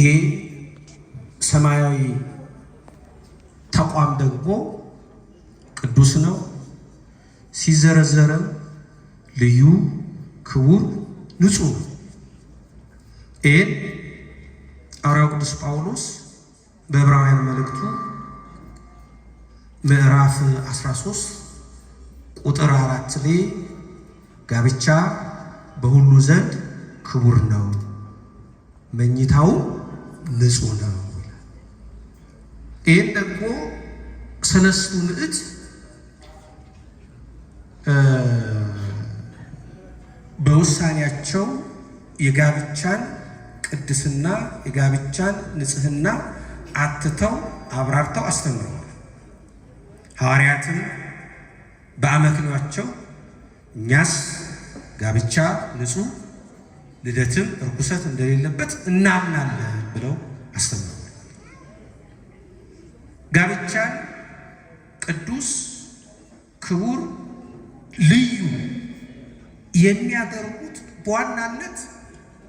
ይህ ሰማያዊ ተቋም ደግሞ ቅዱስ ነው። ሲዘረዘረም ልዩ፣ ክቡር፣ ንጹህ ነው። ይህን ሐዋርያው ቅዱስ ጳውሎስ በዕብራውያን መልእክቱ ምዕራፍ 13 ቁጥር አራት ላይ ጋብቻ በሁሉ ዘንድ ክቡር ነው መኝታው ንጹሕ ነው። ይህን ደግሞ ሰለስቱ ምዕት በውሳኔያቸው የጋብቻን ቅድስና የጋብቻን ንጽህና አትተው አብራርተው አስተምረዋል። ሐዋርያትም በአመክንዮአቸው እኛስ ጋብቻ ንጹሕ ልደትም እርኩሰት እንደሌለበት እናምናለን ብለው አስተምረዋል። ጋብቻን ቅዱስ፣ ክቡር፣ ልዩ የሚያደርጉት በዋናነት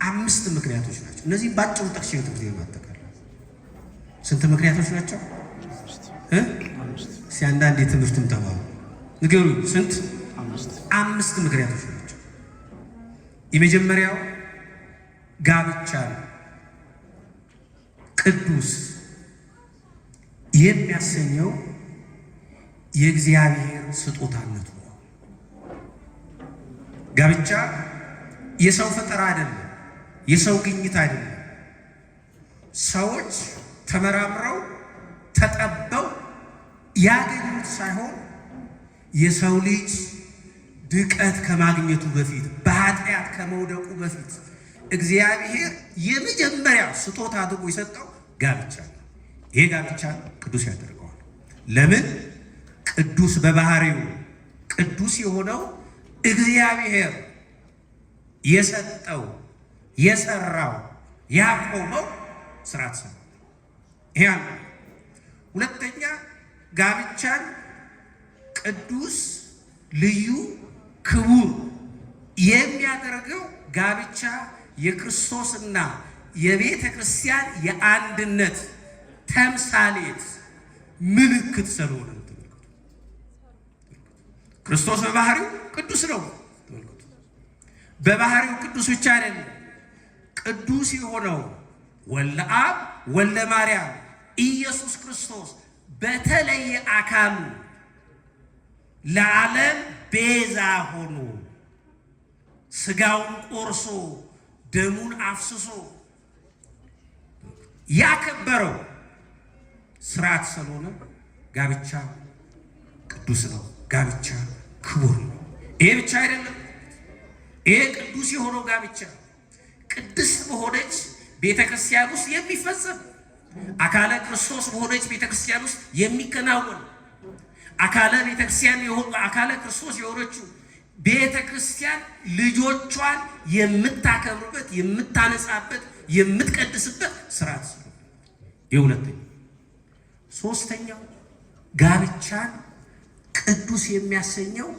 አምስት ምክንያቶች ናቸው። እነዚህም በአጭሩ ጠቅሼ ትምህርት ቤት ስንት ምክንያቶች ናቸው? ሲያንዳንድ የትምህርትም ተባሉ ንገሩ። ስንት? አምስት ምክንያቶች ናቸው። የመጀመሪያው ጋብቻ ነው። ቅዱስ የሚያሰኘው የእግዚአብሔር ስጦታነቱ ነው። ጋብቻ የሰው ፈጠራ አይደለም፣ የሰው ግኝት አይደለም። ሰዎች ተመራምረው ተጠበው ያገኙት ሳይሆን የሰው ልጅ ድቀት ከማግኘቱ በፊት በኃጢአት ከመውደቁ በፊት እግዚአብሔር የመጀመሪያ ስጦታ አድርጎ የሰጠው ጋብቻ ነው። ይሄ ጋብቻ ቅዱስ ያደርገዋል። ለምን? ቅዱስ በባህሪው ቅዱስ የሆነው እግዚአብሔር የሰጠው የሰራው ያቆመው ስርዓት ሰ ይሄ ሁለተኛ ጋብቻን ቅዱስ ልዩ ክቡር የሚያደርገው ጋብቻ የክርስቶስና የቤተ ክርስቲያን የአንድነት ተምሳሌት ምልክት ስለሆነ ክርስቶስ በባህሪው ቅዱስ ነው። በባህሪው ቅዱስ ብቻ አይደለም። ቅዱስ የሆነው ወለ አብ ወልደ ማርያም ኢየሱስ ክርስቶስ በተለየ አካሉ ለዓለም ቤዛ ሆኖ ስጋውን ቆርሶ ደሙን አፍስሶ ያከበረው ስርዓት ስለሆነ ጋብቻ ቅዱስ ነው። ጋብቻ ክቡር ነው። ይሄ ብቻ አይደለም። ይሄ ቅዱስ የሆነው ጋብቻ ቅድስት በሆነች ቤተ ክርስቲያን ውስጥ የሚፈጸም አካለ ክርስቶስ በሆነች ቤተ ክርስቲያን ውስጥ የሚከናወን አካለ ቤተ ክርስቲያን አካለ ክርስቶስ የሆነችው ቤተ ክርስቲያን ልጆቿን የምታከብርበት የምታነጻበት የምትቀድስበት ስርዓት ስለ የሁለተኛ ሶስተኛው ጋብቻን ቅዱስ የሚያሰኘው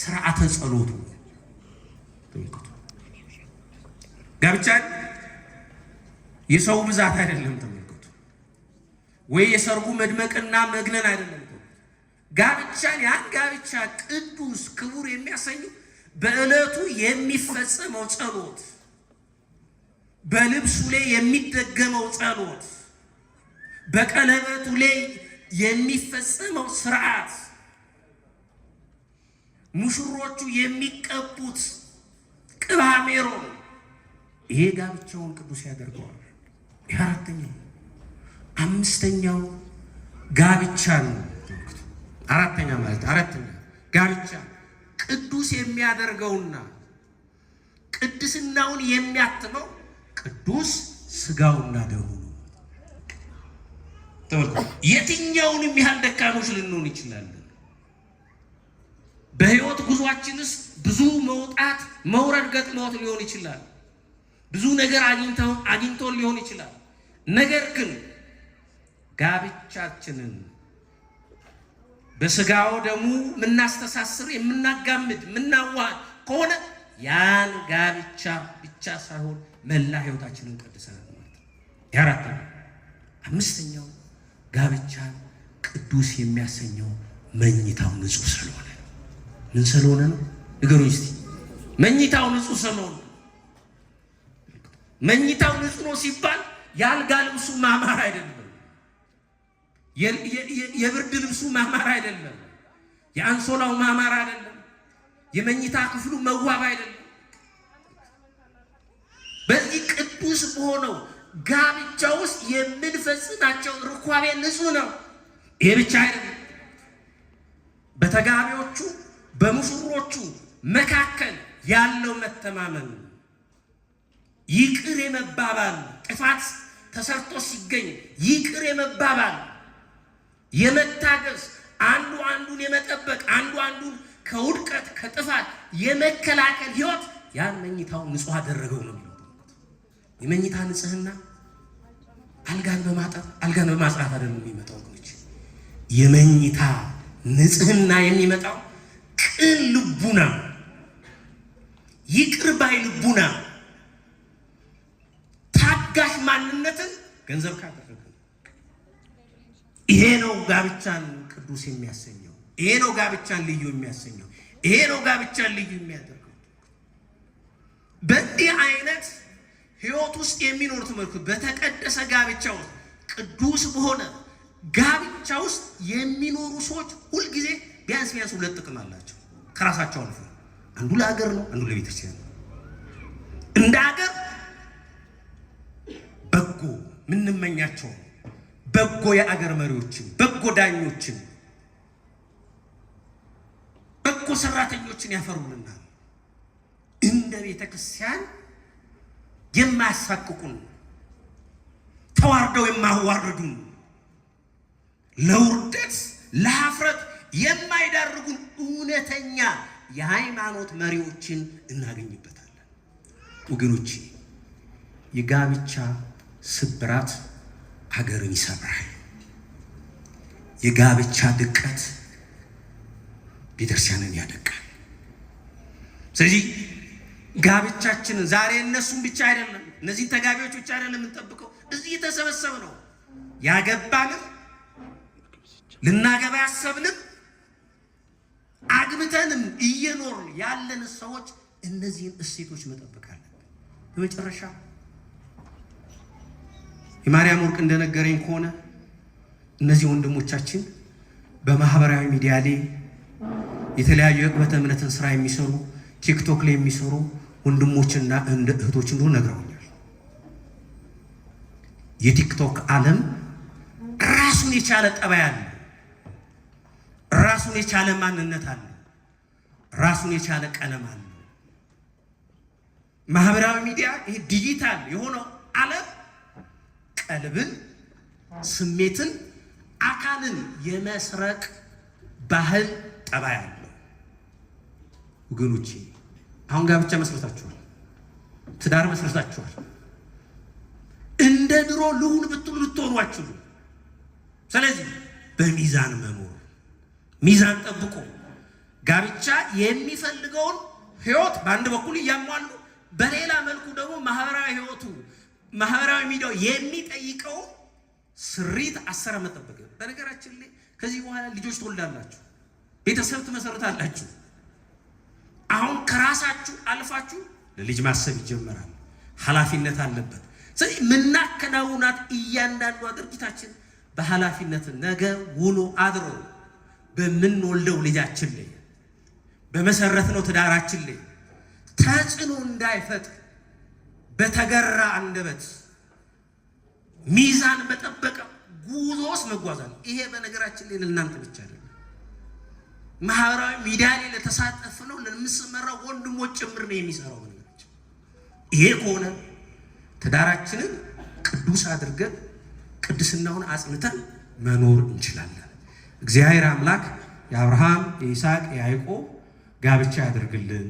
ስርዓተ ጸሎቱ ጋብቻን የሰው ብዛት አይደለም ተመልከቱ፣ ወይ የሰርጉ መድመቅና መግነን አይደለም ጋብቻን ያን ጋብቻ ቅዱስ ክቡር የሚያሰኙ በዕለቱ የሚፈጸመው ጸሎት፣ በልብሱ ላይ የሚደገመው ጸሎት፣ በቀለበቱ ላይ የሚፈጸመው ስርዓት፣ ሙሽሮቹ የሚቀቡት ቅብሐ ይሄ ጋብቻውን ቅዱስ ያደርገዋል። የአራተኛው አምስተኛው ጋብቻ ነው። አራተኛ ማለት አራተኛ ጋብቻ ቅዱስ የሚያደርገውና ቅድስናውን የሚያትመው ቅዱስ ስጋውና ደሙ የትኛውንም ያህል ደካሞች ልንሆን ይችላለን። በህይወት ጉዟችንስ ብዙ መውጣት መውረድ ገጥሞት ሊሆን ይችላል። ብዙ ነገር አግኝቶን ሊሆን ይችላል። ነገር ግን ጋብቻችንን በስጋው ደሙ የምናስተሳስር የምናጋምድ የምናዋህድ ከሆነ ያን ጋብቻ ብቻ ሳይሆን መላ ህይወታችንን ቀድሰናል ማለት ነው። የአራተኛው አምስተኛው ጋብቻን ቅዱስ የሚያሰኘው መኝታው ንጹህ ስለሆነ ነው። ምን ስለሆነ ነው ንገሩኝ እስቲ። መኝታው ንጹህ ስለሆነ መኝታው ንጹህ ነው ሲባል የአልጋ ልብሱ ማማር አይደለም። የብርድ ልብሱ ማማር አይደለም፣ የአንሶላው ማማር አይደለም፣ የመኝታ ክፍሉ መዋብ አይደለም። በዚህ ቅዱስ በሆነው ጋብቻ ውስጥ የምንፈጽማቸው ርኳቤ ንጹህ ነው። ይሄ ብቻ አይደለም። በተጋቢዎቹ በሙሽሮቹ መካከል ያለው መተማመን፣ ይቅር የመባባል ጥፋት ተሰርቶ ሲገኝ ይቅር የመባባል የመታገስ አንዱ አንዱን የመጠበቅ አንዱ አንዱን ከውድቀት ከጥፋት የመከላከል ህይወት ያን መኝታውን ንጹህ አደረገው ነው የሚለው። የመኝታ ንጽህና አልጋን በማጠብ አልጋን በማጽራት አይደለም የሚመጣው ወገኖች። የመኝታ ንጽህና የሚመጣው ቅን ልቡና፣ ይቅር ባይ ልቡና፣ ታጋሽ ማንነትን ገንዘብ ካለ ይሄ ነው ጋብቻን ቅዱስ የሚያሰኘው። ይሄ ነው ጋብቻን ልዩ የሚያሰኘው። ይሄ ነው ጋብቻን ልዩ የሚያደርገው። በዚህ አይነት ህይወት ውስጥ የሚኖር ትምህርት በተቀደሰ ጋብቻ ውስጥ ቅዱስ በሆነ ጋብቻ ውስጥ የሚኖሩ ሰዎች ሁልጊዜ ቢያንስ ቢያንስ ሁለት ጥቅም አላቸው ከራሳቸው አልፎ አንዱ ለሀገር ነው፣ አንዱ ለቤተክርስቲያን ነው። እንደ ሀገር በጎ ምንመኛቸው በጎ የአገር መሪዎችን፣ በጎ ዳኞችን፣ በጎ ሰራተኞችን ያፈሩልናል። እንደ ቤተ ክርስቲያን የማያሳቅቁን ተዋርደው የማዋረዱን ለውርደት ለሀፍረት የማይዳርጉን እውነተኛ የሃይማኖት መሪዎችን እናገኝበታለን። ወገኖች የጋብቻ ስብራት ሀገርን ይሰብራል። የጋብቻ ድቀት ቤተክርስቲያንን ያደቃል። ስለዚህ ጋብቻችንን ዛሬ እነሱን ብቻ አይደለም እነዚህን ተጋቢዎች ብቻ አይደለም የምንጠብቀው፣ እዚህ የተሰበሰብ ነው ያገባንም ልናገባ ያሰብንም አግብተንም እየኖርን ያለን ሰዎች እነዚህን እሴቶች መጠበቅ አለብን። በመጨረሻ የማርያም ወርቅ እንደነገረኝ ከሆነ እነዚህ ወንድሞቻችን በማህበራዊ ሚዲያ ላይ የተለያዩ የቅበተ እምነትን ስራ የሚሰሩ ቲክቶክ ላይ የሚሰሩ ወንድሞችና እህቶች እንደሆኑ ነግረውኛል። የቲክቶክ ዓለም ራሱን የቻለ ጠባይ አለ። ራሱን የቻለ ማንነት አለ። ራሱን የቻለ ቀለም አለ። ማህበራዊ ሚዲያ ይሄ ዲጂታል የሆነው ዓለም ቀልብን፣ ስሜትን፣ አካልን የመስረቅ ባህል ጠባይ አለው። ወገኖቼ አሁን ጋብቻ መስረታችኋል፣ ትዳር መስረታችኋል። እንደ ድሮ ልሁን ብትሉ ልትሆኑ አችሉ። ስለዚህ በሚዛን መኖር ሚዛን ጠብቆ ጋብቻ የሚፈልገውን ህይወት በአንድ በኩል እያሟሉ በሌላ መልኩ ደግሞ ማህበራዊ ህይወቱ ማህበራዊ ሚዲያው የሚጠይቀው ስሪት ዓመት ጠበቀ። በነገራችን ላይ ከዚህ በኋላ ልጆች ትወልዳላችሁ፣ ቤተሰብ ትመሰርታላችሁ። አሁን ከራሳችሁ አልፋችሁ ለልጅ ማሰብ ይጀመራል። ኃላፊነት አለበት። ስለዚህ ምናከናውናት እያንዳንዷ ድርጊታችን በኃላፊነት ነገ ውሎ አድሮ በምንወልደው ልጃችን ላይ በመሰረት ነው ትዳራችን ላይ ተጽዕኖ እንዳይፈጥር በተገራ አንደበት ሚዛን በጠበቀ ጉዞ ውስጥ መጓዛል። ይሄ በነገራችን ላይ ለእናንተ ብቻ አይደለም፣ ማህበራዊ ሚዲያ ላይ ነው ለምስመራው ወንድሞች ጭምር ነው የሚሰራው። ይሄ ከሆነ ትዳራችንን ቅዱስ አድርገን ቅድስናውን አጽንተን መኖር እንችላለን። እግዚአብሔር አምላክ የአብርሃም የይስሐቅ የያዕቆብ ጋብቻ ያደርግልን።